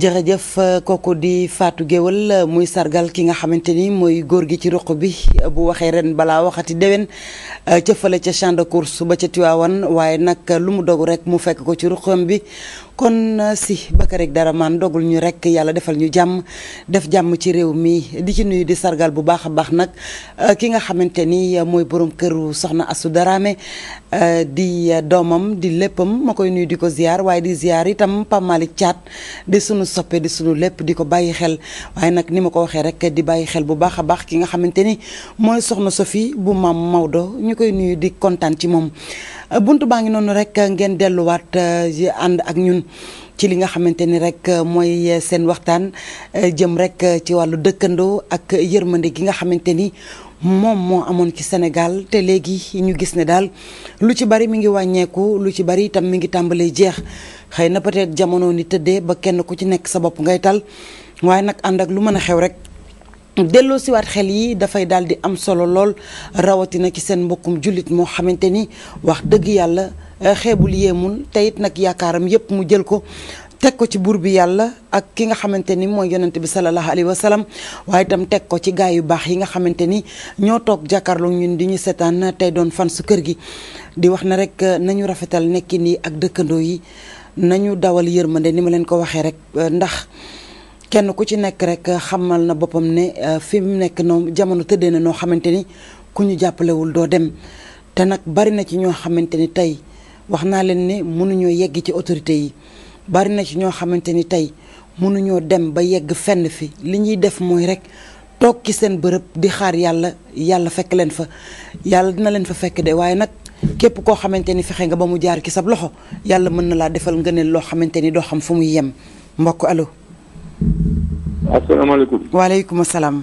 jërëjëf kooku di faatu Guéwal muy sargal ki nga xamante ni mooy góor gi ci ruq bi bu waxee ren balaa waxati déwén ca ca champ de course ba ca Tiwaawan waaye nag lu mu dogu rek mu fekk ko ci ruqam bi kon euh, si Bakar dara man dogul ñu rek yàlla defal ñu jàmm def jàmm ci réew mii di ci nuyu di sargal bu baax a baax nag euh, ki nga xamante ni euh, mooy borom këru soxna Astou Darame di doomam di léppam ma koy nuyu di ko ziar waaye di ziar itam Pape Malick di sunu soppe di sunu lépp di ko bàyyi xel waaye nag ni ma ko waxee rek di bàyyi xel bu baax a baax ki nga xamante ni mooy soxna Sophie bu maam Maodo ñu koy nuyu di kontaan ci moom. Euh, bunt baa ngi noonu rek euh, ngeen delluwaat euh, ànd ak ñun ci li nga xamante ni rek mooy seen waxtaan jëm rek ci wàllu dëkkandoo ak yërmande gi nga xamante ni moom moo amoon ci Sénégal te léegi ñu gis ne daal lu ci bari mu ngi wàññeeku lu ci bari itam mi ngi tàmbalee jeex xëy na peut-être jamono ni tëddee ba kenn ku ci nekk sa bopp ngay tal waaye nag ànd ak lu mën a xew rek. delloo siwaat xel yi dafay daal di am solo lool rawatina ci seen mbokkum jullit moo xamante ni wax dëgg yàlla eh, xeebul yéemul mun teyit nag yaakaaram yépp mu jël ko teg ko ci buur bi yàlla ak ki nga xamante ni mooy yonent bi sallallahu alayhi wa waaye itam teg ko ci gaay yu baax yi nga xamante ni ñoo toog jàkkaarloo ñun di ñu seetaan tey doon fan su kër gi di wax na rek eh, nañu rafetal nekkin yi ak dëkkandoo yi nañu dawal yërmande ni ma leen ko waxee rek eh, kenn ku ci nekk rek xamal na boppam ne euh, fi mu nekk noonu jamono tëddee na noo xamante ni ku ñu jàppalewul doo dem te nag bari na ci ñoo xamante ni tey wax naa leen ne mënuñoo yegg ci autorités yi bari na ci ñoo xamante ni tey mënuñoo dem ba yegg fenn fi li ñuy def mooy rek toog ci seen bërëb di xaar yàlla yàlla fekk leen fa yàlla dina leen fa fekk de waaye nag képp koo xamante ni fexe nga ba mu jaar ci sab loxo yàlla mën na laa defal nga loo xamante ni doo xam fu muy yem mbokk alo asalaamaaleykum. waaleykum salaam.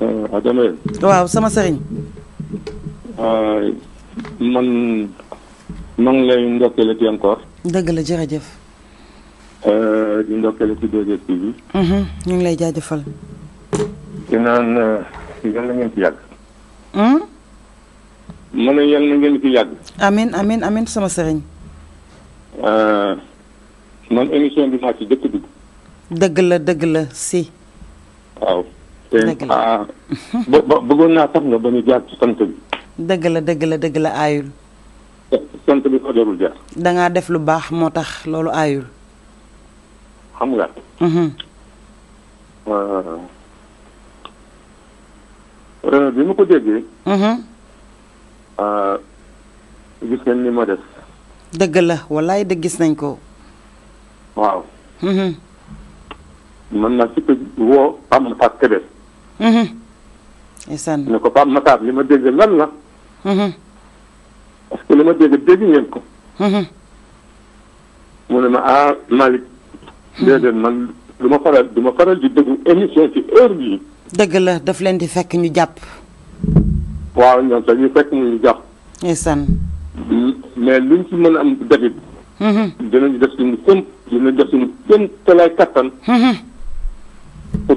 Euh, Adama. waaw sama sëriñ. Euh, man maa ngi lay ndokkale ci encore. dëgg la jërëjëf. Euh, di ndokkale ci 2STV. Mhm, ñu lay jaajëfal. di naan yàlla ngeen ci yàgg. Hmm? ma ne yàlla ngeen ci yàgg. amiin amiin sama sëriñ. man émission bi maa ci dëkk dugg. dëgg la dëgg la si. waaw. dëgg ah, bëggoon naa sax nga ba ñu jaar ci sant bi. dëgg la dëgg la dëgg la aayul. sant bi ko jarul jaar. def lu baax moo tax loolu aayul. xam nga. Mhm. Euh, euh, bi ma ko déggee. Mhm. Euh, gis ngeen ni ma def. dëgg la walaay de gis nañ ko. waaw. Mhm. mën naa ci ko woo Pape Matar Kébé. Mhm. ndeysaan ne ko Pape Matar li ma dégg lan la. Mhm. parce que li ma dégg dégg ngeen ko. Mhm. mu ne ma ah Malick. déedéet man du ma faral du ma faral di déglu émission ci heure bii. dëgg la daf leen di fekk ñu jàpp. waaw ñoom sax ñu fekk ñu jàpp. ndeysaan. mais luñ ci mën a am dafit. dinañ def suñu kéem dinañ def suñu kéem te lay kattan. pour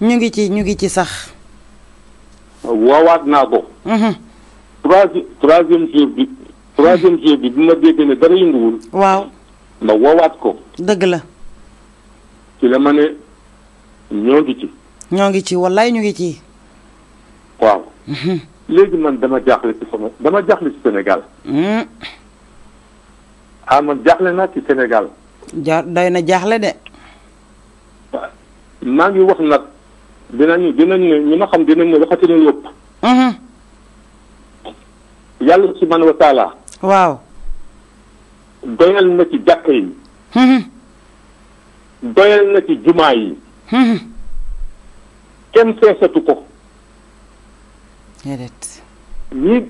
ñu ngi ci ñu ngi ci sax. waawaat naa ko. Mhm. troisième troisième jour bi. troisième jour bi bi ma dégg ne dara yënguwul. waaw ma woowaat ko. dëgg la. ci la ma ne ñoo ngi ci. ñoo ngi ci wallaay ñu ngi ci. waaw. Mhm. léegi man dama jaaxle ci sama dama jaaxle ci mhm. ah, man jaaxle naa ci senegal ja doy na jaaxle de. maa ngi wax nag dinañu dinañu ñu ma xam dinañu waxati na yëpp. Mhm. yàlla subhanahu wa waaw. doyal na ci jàkka yi. Mhm. doyal na ci jumaa yi. Mhm. kenn feesatu ko. déedéet. ñi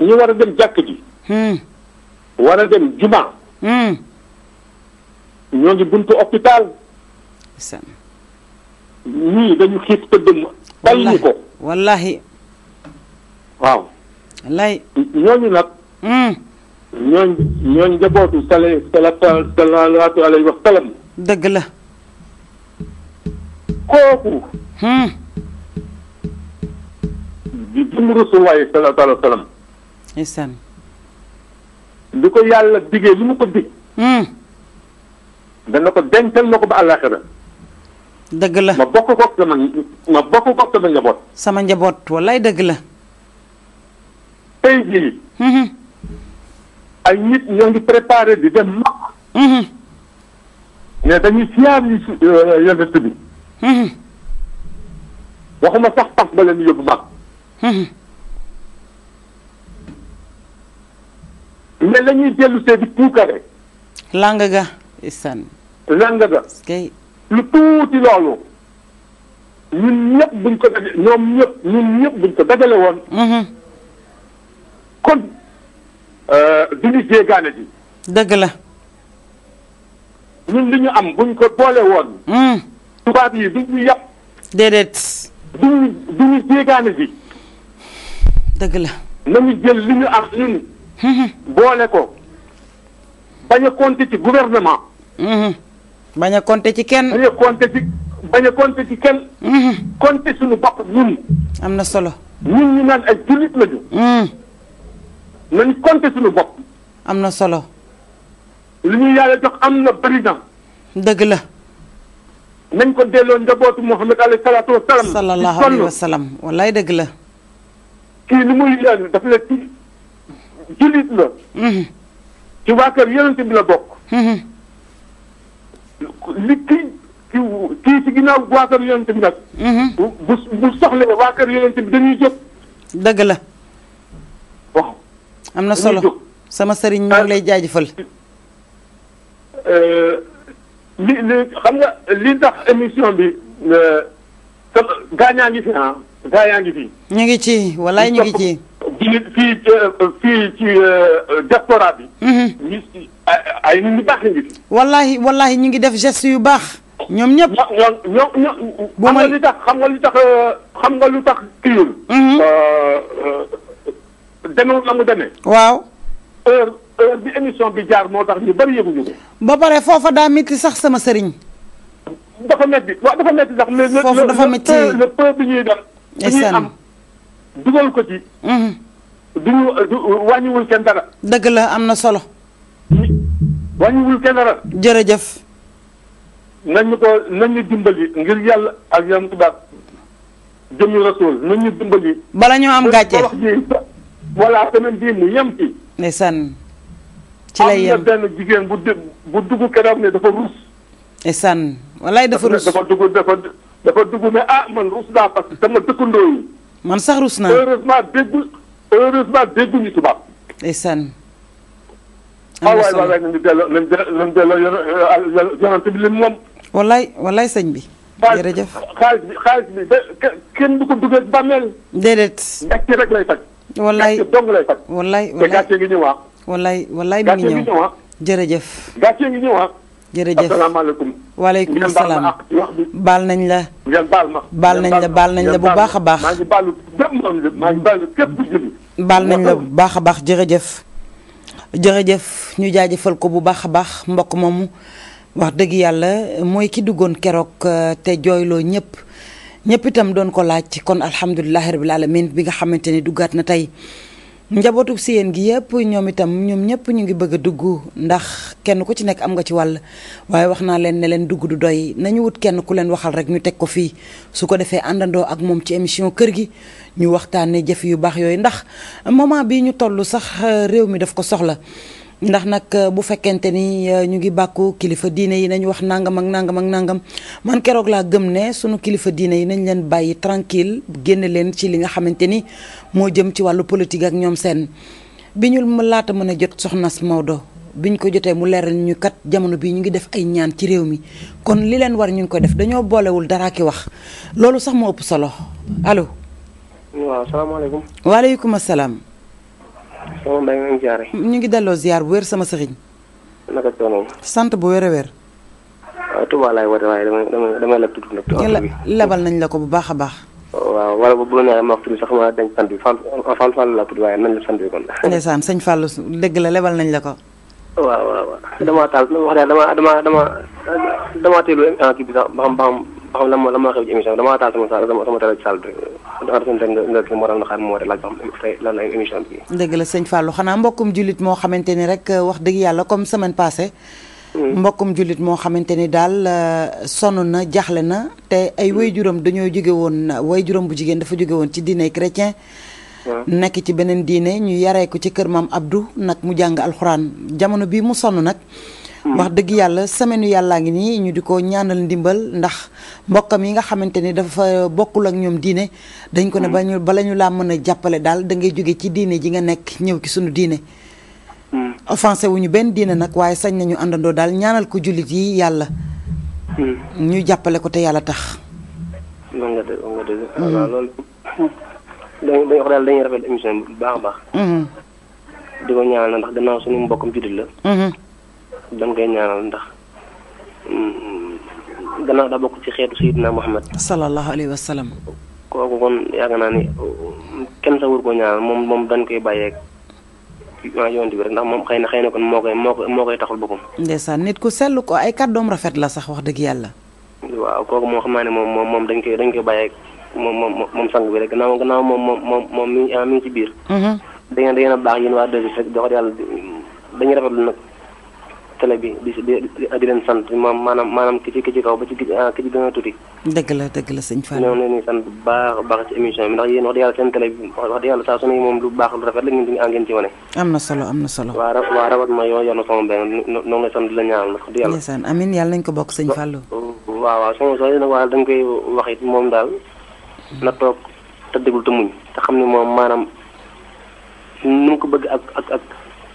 ñi war a dem jàkk ji. war a dem jumaa. ñoo ngi buntu hôpital. ñii dañu xiif tëdd ma bàyyi ko wallahi waaw wallahi ñooñu nag hmm. ñooñ ñooñ njabootu sale salaatu alayhi wa sallam dëgg la kooku hmm. di dund rasulullahi salaatu alayhi wa sallam ko yàlla digee li mu ko dig hmm. dana ko dencal na ko ba àllaaxira dëgg la ma bokk ko sama ma bokk ko sama njaboot. sama njaboot wallaay dëgg la. tey jii. Mhm. ay nit ñoo ngi préparé di dem mag. mais mhm. dañuy siyaar yi si euh, yonent bi. Mhm. waxuma sax pas ba leen yóbbu mag. mais la ñuy dellu see di puukare. lang ga. lu tuuti loolu ñun ñëpp buñ ko daje ñëpp ñun ko dajale woon. Mhm. kon euh, du ñu jéegaane ji. dëgg la. ñun li ñu am buñ ko boole woon. Mhm. tubaab yi du ñu yàpp. déedéet. du ñu du ñu jéegaane ji. dëgg la. nañu jël li ñu am ñun. Mhm. boole ko bañ a ci gouvernement. bañ a compter ci kenn. bañ a ci a compter ci kenn. Mm-hmm. compter suñu bopp ñun. am na solo. ñun ñu naan ay jullit lañu. Mm. nañ compter suñu bopp. am na solo. lu ñu yàlla jox am na président. dëgg la. nañ ko delloo njabootu Muhammad alayhi salaatu wa salaam. sallallahu alayhi wa salaam wallaay dëgg la. kii li muy yàlla daf la ci jullit la. Mm-hmm. ci waa kër yonent bi la bokk. Mm-hmm. li kii kii ci ginnaaw waa kër yonent bi nag. Mhm. bu bu bu soxlee waa kër yonent bi dañuy jóg. am na solo sama sëriñ ñoo ngi lay jaajëfal. Euh, li li xam nga li tax émission bi euh, gaañaa ngi fi ah gaañaa ngi ñu ngi ci walaay ñu jigéen fii euh, fii ci euh, diaspora bi. Mhm. ñu si ay nit ñu baax lañu fi. wallaahi wallaahi ñu ngi def gest yu baax. ñoom ñëpp ñoom ñoom xam nga li tax xam nga li tax xam nga lu tax euh, kii. Mhm. demewul na mu demee. waaw. heure heure bi émission bi jaar moo tax ñu bari yëguñu ko. ba pare foofa daa métti sax sama sëriñ. dafa métti waaw dafa métti sax. foofu dafa métti le bi ñuy def. ñuy am. dugal ko ci. Mhm. duñu wàññiwul kenn dara. dëgg la am na solo. wàññiwul kenn dara. jërëjëf. nañu ko nañu dimbali ngir yàlla ak yam tubaab jëmi rasul nañu dimbali. bala ñoo am gàcce wax ji voilà semaine bii mu yem ci. ndeysaan ci lay yem benn jigéen bu dugg bu dugg keroog ne dafa ruus. ndeysaan walaay dafa ruus dafa dugg dafa dugg ne ah man ruus daa parce que sama dëkkandoo yi. man sax rus naa heureusement déggu heureusement dégguñu tubaab. ndeysaan. am na ah, solo ah waay waay nañu delloo nañu delloo euh, yonent bi lim moom. wallaay wallaay bi. jërëjëf xaalis bi xaalis bi kenn du ko duggee bàmmeel. déedéet. gàcce rek lay faj. wallaay gàcce dong lay faj. wallaay wallaay te ngi ñëw jërëjëf. jërëjëf asalaamaaleykum. waaleykum salaam baal nañ la. baal nañ la baal nañ la bu baax a baax. maa nañ la bu baax a baax jërëjëf. jërëjëf ñu jaajëfal ko bu baax a baax mbokk moomu wax dëgg yàlla mooy kii duggoon keroog euh, te jooyloo ñëpp ñëpp itam doon ko laaj ci kon alhamdulilahi rabil alamin bi nga xamante ni duggaat na tey. njabootu siyeen gi yëpp ñoom itam ñoom ñëpp ñu ngi bëgg a dugg ndax kenn ku ci nekk am nga ci wàll waaye wax naa leen ne leen dugg du doy nañu wut kenn ku leen waxal rek ñu teg ko fii su ko defee àndandoo ak moom ci émission kër gi ñu waxtaanee jëf yu baax yooyu ndax moment bii ñu toll sax réew mi daf ko soxla ndax nag euh, bu fekkente ni euh, ñu ngi bàkku kilifa diine yi nañu wax nangam ak nangam ak nangam man keroog laa gëm ne sunu kilifa diine yi nañ leen bàyyi tranquille génne leen ci li nga xamante ni moo jëm ci wàllu politique ak ñoom seen bi ñu laata mën a jot soxnas Maodo biñ ko jotee mu leeral ñu kat jamono bii ñu ngi def ay ñaan ci réew mi kon li leen war ñu ngi ko def dañoo boolewul dara ki wax loolu sax moo ëpp solo allo. waaw salaamaaleykum. waaleykum salaam. ñu ngi delloo ziar bu wér sama sëriñ. naka coono sant bu wér a wér. waaw ah, Touba laay woote waaye damay damay damay leb tudd la labal nañ la ko bu baax a baax. waaw wala bu bu la ma wax tudd sax ma dañ sant bi fan fan Fall laa tudd waaye nañ la sant dëgg la lebal nañ la ko. waaw waaw waaw damaa taal wax dëgg damaa damaa teelu émission bi ba xam lan moo lan moo xew ci moo tax na xaar moo laaj la émission bi. xanaa mbokkum jullit moo xamante ni rek wax dëgg yàlla comme semaine passée. Hmm. mbokkum jullit moo xamante ni daal euh, sonn na jaxle na te ay hmm. wayjuram dañoo jóge woon juróom bu jigéen dafa jóge woon ci diine chrétien. Hmm. nekk ci beneen diine ñu yaree ko ci kër maam Abdou nag mu jàng alxuraan jamono bii mu sonn nag. Hmm. wax dëgg yàlla semaine yàllaa ngi nii ñu di ko ñaanal ndimbal ndax mbokkam yi nga xamante ni dafa bokkul ak ñoom diine dañ ko ne hmm. ba ñu bala ñu laa mën a jàppale daal da jóge ci diine ji nga nekk ñëw ci sunu diine hmm. offensé wu ñu benn diine nag waaye sañ nañu àndandoo daal ñaanal ko jullit yi yàlla ñu jàppale ko te yàlla tax nga dëgg nga dëgg dañ koy ñaanal ndax mm, gannaaw da bokk ci xeetu Sayyidina Muhammad sallallahu alayhi wa sallam. kooku kon yaakaar naa ni kenn sa wur ko ñaanal moom moom dañ koy bàyyeeg yonent bi rek moom xëy na xëy na kon moo koy moo moo koy taxul boppam. ndeysaan nit ku sell ko ay kàddoom rafet la sax wax dëgg yàlla. waaw moo xam naa ne moom moom dañ koy dañ koy bàyyeeg moom moom moom sang bi rek gannaaw gannaaw moom moom moom ah, mi ngi ci biir. Mhm. da ngeen da ngeen a nag. télé bi di di leen sant maanaam maanaam maanaam ki ci ki ci kaw ba ci ah ki ci gën a tuuti. dëgg la dëgg la sëñ Fall. ñoo sant baax a baax ci émission bi ndax yéen wax saa su ne moom lu baax lu rafet la ah ngeen ci wane. am na solo am na solo. ma yoo yoonu sama benn noo ngi sant di la ñaanal wax dëgg yàlla. nañ ko bokk sëñ Fall. waaw waaw sama sooy nag waaye dañ koy wax moom daal na toog te déglu te muñ te xam ne moom maanaam nu mu ko bëgg ak ak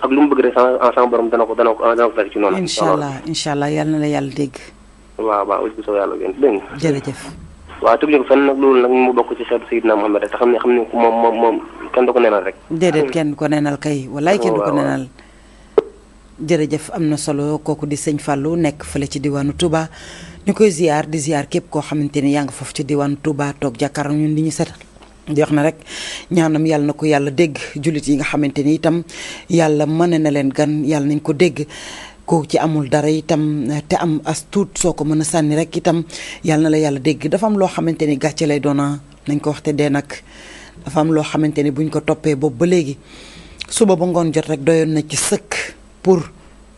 ak lu mu bëgg rek sama ah, sama borom dana ko dana ko ah, dana ko fekk ci noonu. incha allah incha allah yal na la yàlla dégg. waaw waaw aussi soo jërëjëf. waaw tëb ñu ko fenn nag loolu nag mu bokk ci xeetu Seydina Muhammad rek xam ne ko moom moom moom kenn du ko nenal rek. kenn du ko nenal kay. wallaay kenn du ko nenal. jërëjëf am na solo kooku di sëñ Fallou nekk fële ci diwaanu tubaa ñu koy ziar di ziar képp koo xamante ni yaa nga foofu ci diwaanu Touba toog jàkkaarloo ñun di ñu set di na rek ñaanam yàlla na ko yàlla dégg jullit yi nga xamante ni itam yàlla mën na leen gan yàlla nañ ko dégg ko ci amul dara itam te am as tuut soo ko mën a sànni rek itam yàlla na la yàlla dégg dafa am loo xamante ni gàcce lay doona ah, nañ ko waxte dee nag dafa am loo xamante ni buñ ko toppee boobu ba léegi suba ba ngoon jot rek doyoon na ci sëkk pour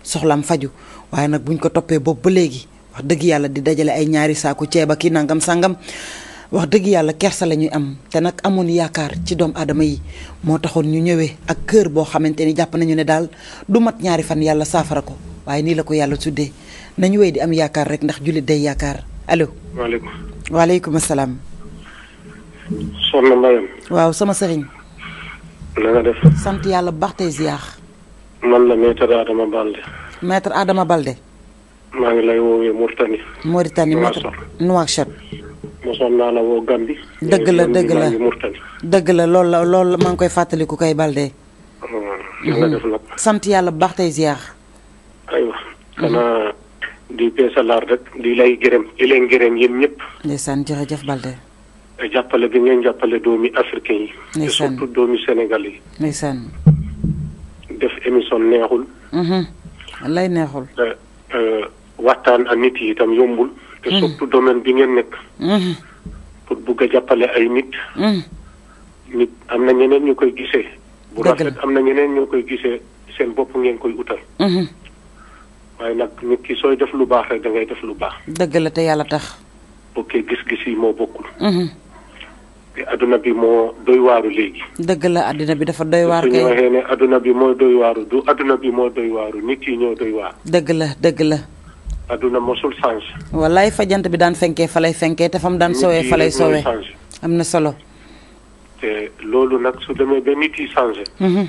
soxlaam faju waaye nag buñ ko toppee boobu ba léegi wax dëgg yàlla di dajale ay ñaari saako ceeb ak i nangam sangam wax dëgg yàlla kersa la ñuy am te nag amoon yaakaar ci doom aadama yi moo taxoon ñu ñëwee ak kër boo xamante ni jàpp nañu ne daal du mat ñaari fan yàlla saafara ko waaye nii la ko yàlla tuddee nañu wéy di am yaakaar rek ndax jullit day yaakaar allo. waaleykum waaleykum salaam. soxna Mbayam. waaw sama sëriñ. na def. sant yàlla bu baax tey ziar. man la maître Adama Balde. maître Adama Balde. maa ngi lay woowee Mauritanie. Mauritanie maître Nouakchott. mosoon naa la woo Gambi. dëgg la dëgg la dëgg la lool la loolu maa ngi koy fàttaliku kay Balde. Hmm, hmm. sant yàlla bu baax tey si aywa hmm. xanaa di peesalaar lay gërëm di leen gërëm yéen ñëpp. ndeysaan jërëjëf Balde. jàppale bi ngeen jàppale doomi africain yi. ndeysaan surtout doomi Sénégal yi. ndeysaan. def émission neexul. lay neexul. Euh, euh, waxtaan ak nit yi itam yombul. te mm. surtout domaine bi ngeen nekk. Mm. pour bugg a jàppale ay nit. Mm. nit am na ñeneen ñu koy gisee. bu rafet am na ñeneen ñoo koy gisee seen bopp ngeen koy utal. Mm-hmm. waaye nag nit ki sooy def lu baax rek da ngay def lu baax. dëgg la te yàlla tax. ok gis-gis yi moo bokkul. Mm-hmm. te adduna bi moo doy waaru léegi. dëgg la adduna bi dafa doy waar. kay adduna bi moo doy waaru du adduna bi moo doy waaru nit yi ñoo doy waar. dëgg la dëgg la. adduna mosul change. wallaay fa jant bi daan fenkee fa lay fenkee te fa mu daan sowee fa lay sowee am na solo. te loolu nag su demee ba nit yi changé. Mhm.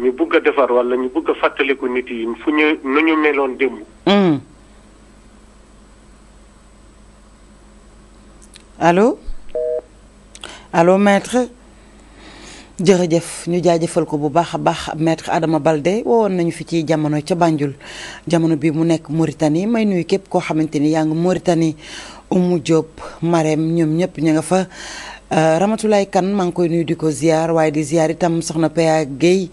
ñu bugg a defar wala ñu bugg a fàttaliku nit yi fu ñu nu ñu meloon démb. allo mhm. allo maître. jërëjëf ñu jaajëfal ko bu baax a baax maître Adama Balde woon nañu fi ci jamono ca bànjul jamono bi mu nekk Mauritanie may nuyu képp koo xamante ni yaa ngi Mauritanie Oumou Diop Marème ñoom ñëpp ña nga fa euh, Ramatoulaye kan maa ngi koy nuyu di ko ziar waaye di ziar itam soxna Paya Guèye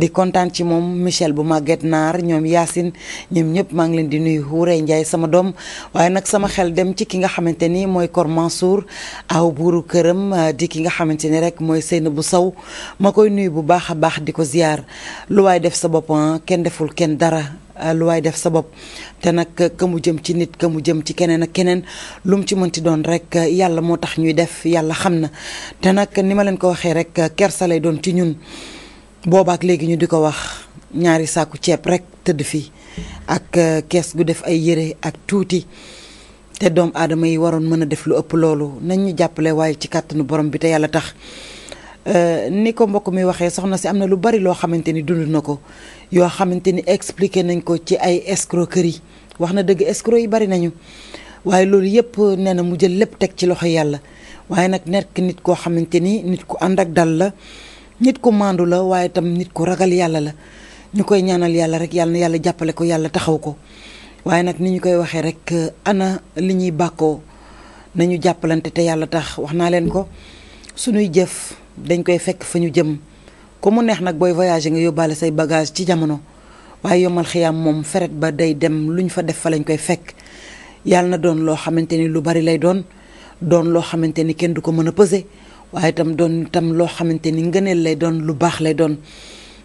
di kontaan ci moom Michel bu Maguette Naar ñoom Yacine ñoom ñëpp maa ngi leen di nuyu Houré Ndiaye sama doom waaye nag sama xel dem ci ki nga xamante ni mooy Kor Mansour aw buuru këram euh, di ki nga xamante ni rek mooy bu Sow ma koy nuyu bu baax a baax di ko ziar lu waaye def sa boppa ah, kenn deful kenn dara. Euh, lu waay def sa bopp te nag euh, ka mu jëm ci nit ka mu jëm ci keneen ak keneen lu mu ci mën mënti doon rek euh, yàlla moo tax ñuy def yàlla xam na te nag ni ma leen ko waxee rek kersa lay doon ci ñun boobaak léegi ñu di ko wax ñaari saaku ceeb rek tëdd fii ak kees gu def ay yére ak tuuti te doom aadama yi waroon mën a def lu ëpp loolu nañ ñu jàppale waaye ci kàttanu borom bi te yàlla tax Euh, ni ko mbokk mi waxee soxna si am na lu bari loo xamante ni dund na ko yoo xamante ni expliqué nañ ko ci ay kër yi wax na dëgg escroc yi bari nañu waaye loolu yëpp nee na mu jël lépp teg ci loxo yàlla waaye nag nekk nit koo xamante ni nit ku ànd ak dal la nit ku maandu la waaye tam nit ku ragal yàlla la ñu koy ñaanal yàlla rek yàlla yàlla jàppale ko yàlla taxaw ko waaye nag ni ñu koy waxee rek euh, ana li ñuy bàkkoo nañu jàppalante te yàlla tax wax naa leen ko jëf dañ koy fekk fa ñu jëm ku mu neex nag booy voyager nga yóbbaale say bagage ci jamono waaye yomal xiyaam moom feret ba day dem lu ñu fa def fa lañ koy fekk yàlla na doon loo xamante ni lu bari lay doon doon loo xamante ni kenn du ko mën a peser waaye itam doon itam loo xamante ni ngëneel lay doon lu baax lay doon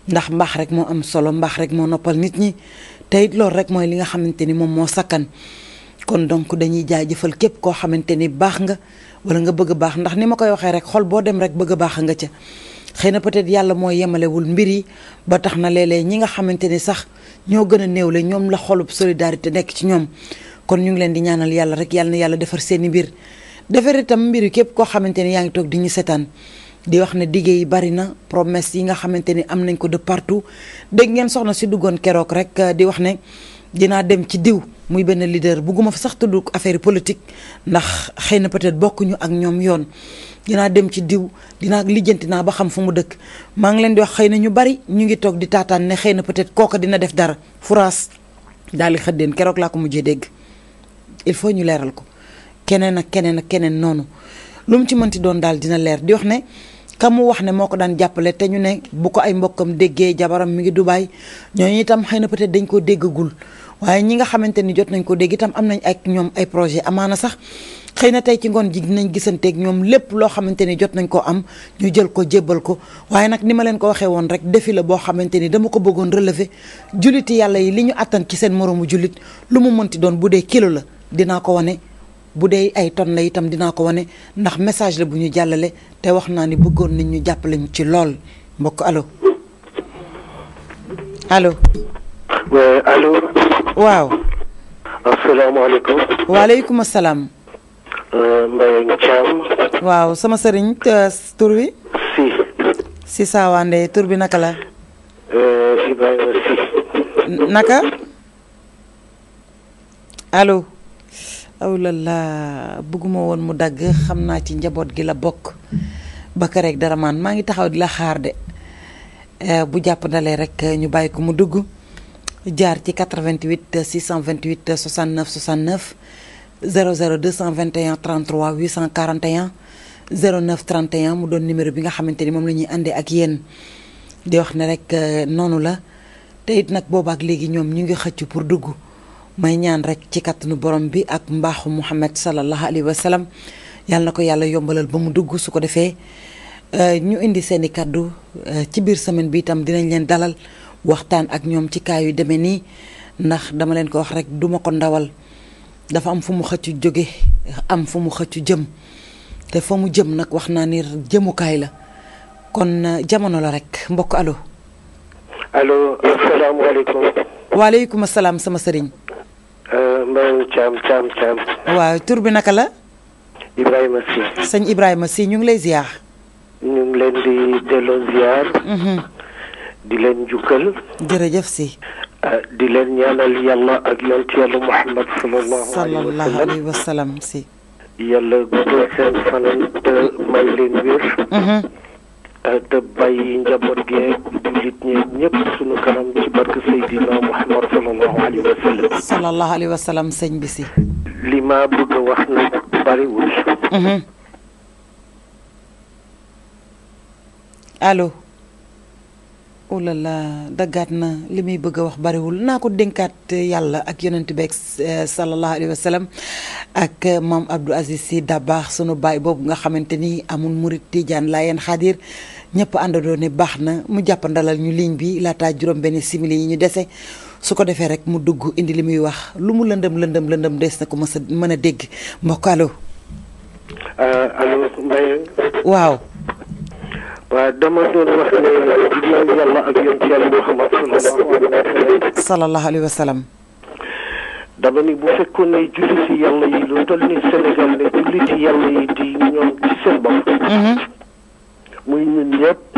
ndax mbaax rek moo am solo mbaax rek moo noppal nit ñi te it loolu rek mooy li nga xamante ni moom moo sakkan kon donc dañuy jaajëfal képp koo xamante ni baax nga wala nga bëgg a baax ndax ni ma koy waxee rek xol boo dem rek bëgg a baax nga ca xëy na peut-être yàlla mooy yemalewul mbir yi ba tax na léeg-léeg ñi nga xamante ni sax ñoo gën a néewle ñoom la xolub solidarité nekk ci ñoom kon ñu ngi leen di ñaanal yàlla rek yàlla yàlla defar seeni mbir defar itam mbir yi képp koo xamante ni yaa ngi toog di ñu setaan di wax ne diggé yi bari na promesse yi nga xamante ni am nañ ko de partout dégg ngeen soxna si duggoon keroog rek di wax ne dinaa dem ci diw muy benn leader bugguma fa sax tudd affaire politique ndax xëy na peut-être bokkuñu ak ñoom yoon dinaa dem ci diw dinaa lijjanti naa ba xam fu mu dëkk maa ngi leen di wax xëy na ñu bari ñu ngi toog di taataan ne xëy na peut-être kooka dina def dara furaas daal di xëddeen keroog laa ko mujjee dégg il faut ñu leeral ko keneen ak keneen ak keneen noonu lu mu ci mënti doon daal dina leer di wax ne ka mu wax ne moo ko daan jàppale te ñu ne bu ko ay mbokkam déggee jabaram mi ngi Dubaay ñooñu itam xëy na peut-être dañ koo déggagul waaye ñi nga xamante ni jot nañ ko dégg itam am nañ ak ñoom ay projet amaana sax xëy na tey ci ngoon ji dinañ gisanteeg ñoom lépp loo xamante ni jot nañ koo am ñu jël ko jébbal ko waaye nag ni ma leen ko waxee woon rek defi la boo xamante ni dama ko bëggoon relever julliti yàlla yi li ñu àttan ci seen moroomu jullit lu mu mënti doon bu dee kilo la dinaa ko wane bu dee ay ton la itam dinaa ko wane ndax message la bu ñu jàllale te wax naa ni bëggoon nañ ñu jàppale ñu ci lool mbokk allo waaw. asalaamaaleykum. waaleykum salaam. Euh, Mbaye Thiam. waaw sama sëriñ tur wi. si. si Saawande tur bi naka la. Euh, Ibrahima si. naka. allo. awlala bëgguma woon mu dagg xam naa ci njaboot gi la bokk. ba ak dara maan maa ngi taxaw di la xaar de. Euh, bu jàpp ndalee rek ñu bàyyi ko mu dugg. jaar ci vingt 88 628 69 69 00 221 33 841 09 31 mu doon numéro bi nga xamante ni moom la ñuy àndee ak yéen di wax ne rek euh, noonu la te it nag boobaak léegi ñoom ñu ngi xëcc pour dugg may ñaan rek ci kattanu borom bi ak mbaaxu Muhammad sallallahu alayhi wa sallam yàlla na ko yàlla yombalal ba mu dugg su ko defee euh, ñu indi seeni kàddu euh, ci biir semaine bi itam dinañ leen dalal. waxtaan ak ñoom ci kaa yu demee nii ndax dama leen ko wax rek duma ko ndawal dafa am fu mu xëccu jóge am fu mu xëccu jëm te fa mu jëm nag wax naa ni jëmukaay la kon euh, jamono la rek mbokk allo. allo asalaamaaleykum. waaleykum salaam sama sëriñ. Euh, Mbaye waaw tur bi naka la. Ibrahima si sëñ Ibrahima Sy ñu ngi lay ziar. ñu ngi leen di delloo ziar. Mhm. di leen jukkal. jërëjëf si. Eh, di leen ñaanal yàlla ak yonent yàlla Muhammad sallallahu alayhi wa sallam si. yàlla guddal seen fanaan te may leen wér. Mhm. Eh, te bàyyi njaboot gi jullit ñeeg ñëpp sunu kanam ci Seydina Muhammad sallallahu alayhi wa sallam. bi si. li ma bëgg a wax nag bariwul. Mhm. allo. oh là là daggaat na li muy bëgg a wax bariwul naa ko dénkaat eh, yàlla ak yonent beeg eh, sallallahu alayhi wa sallam ak eh, maam Abdou Aziz Sy baax sunu baay boobu nga xamante ni amul murit tijaan laayeen xaadir ñëpp àndandoo ne baax na mu jàppandalal ñu ligne bi laataa juróom benn simili yi ñu dese su ko defee rek mu dugg indi li muy wax lu mu lëndëm lëndëm lëndëm des na ko mës a mën a dégg mbokk allo. Euh, waaw. waaw dama doon wax ne jigéen yàlla ak yonent yàlla Muhammad sallallahu alayhi wa sallam dama ni bu fekkoon ne julli si yàlla yi lu toll ni Sénégal ne julli si yàlla yi di ñoom ci seen bopp mhm. muy ñun ñëpp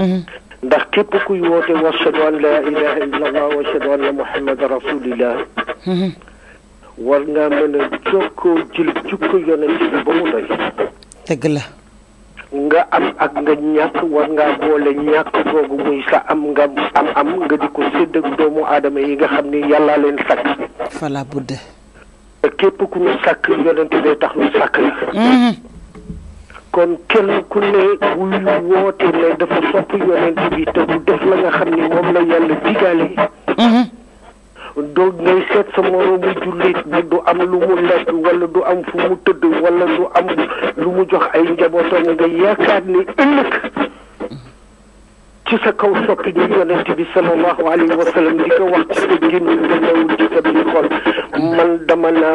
mhm. ndax képp kuy woote wa ashhadu an laa ilaha illa allah wa ashhadu anna muhammadan rasulillah mhm. war ngaa mën a jokkoo jël jukko yonent bi ba mu doy dëgg la nga am ak nga ñàkk war ngaa boole ñàkk googu muy sa am nga am am nga di ko sédd ak doomu aadama yi nga xam ni yàllaa leen sàkk fala budd képp ku ñu sàkk yonente bee tax ñu sàkk la mm-hmm. kon kenn ku ne buy woote ne dafa sopp yonente bi te du def la nga xam ni moom la yàlla digaale mm-hmm. doog ngay seet sa moroomu jullit bi am lu mu lekk wala du am fu mu tëdd wala du am lu mu jox ay njabootam nga yaakaar ni ëllëg ci sa kaw soppi di yonent bi sallallahu alayhi wa sallam di ko wax ci sa gémmiñ nga newul ci sa biir man dama na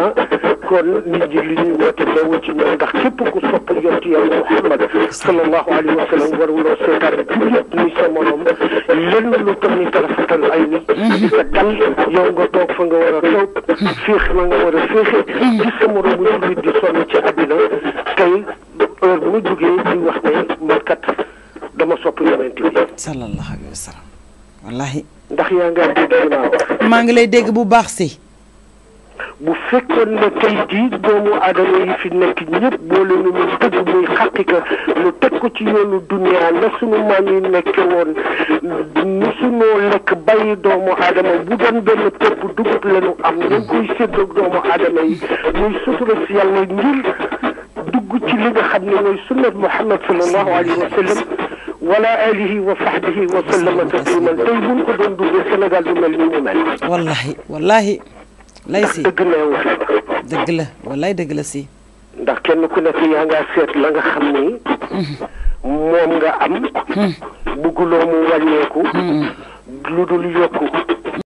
kon nit ji li ñuy woote newul ci ñoom ndax képp ku sopp yonent yàlla Muhammad sallallahu alayhi wa sallam waruloo seetaan jullit muy sa morom lenn lu tam ni tarafatal ay nit di ko dal yow toog fa nga war a toog féex ma nga war a féexe gis sa moromu jullit di sonn ci àddina tey heure bu ma jógee di wax ne man kat dama sopp yonent bi sallallahu ndax yaa ngi maa ngi lay dégg bu baax si bu fekkoon ne tey jii doomu aadama yi fi nekk ñëpp boo leen mu dëgg muy xàqika lu teg ko ci yoonu dunia na sunu maam yi nekke woon nu sunoo lekk bàyyi doomu aadama bu doon benn pepp dugub lañu am ñu koy séddoog doomu aadama yi muy sutura si yàlla ngir dugg ci li nga xam ne mooy sunnat Muhammad sallallahu alayhi wa wala alihi wa sahbihi wa sallama tey bu ñu ko doon dundee Sénégal du mel nii mu mel. wallaahi wallaahi. lay si dëgg la yow dëgg la wallaay dëgg la si. ndax kenn ku nekk yaa ngaa seet la nga xam ni. moom nga am. Hmm. bëgguloo mu wàññeeku. Hmm. lu dul yokku.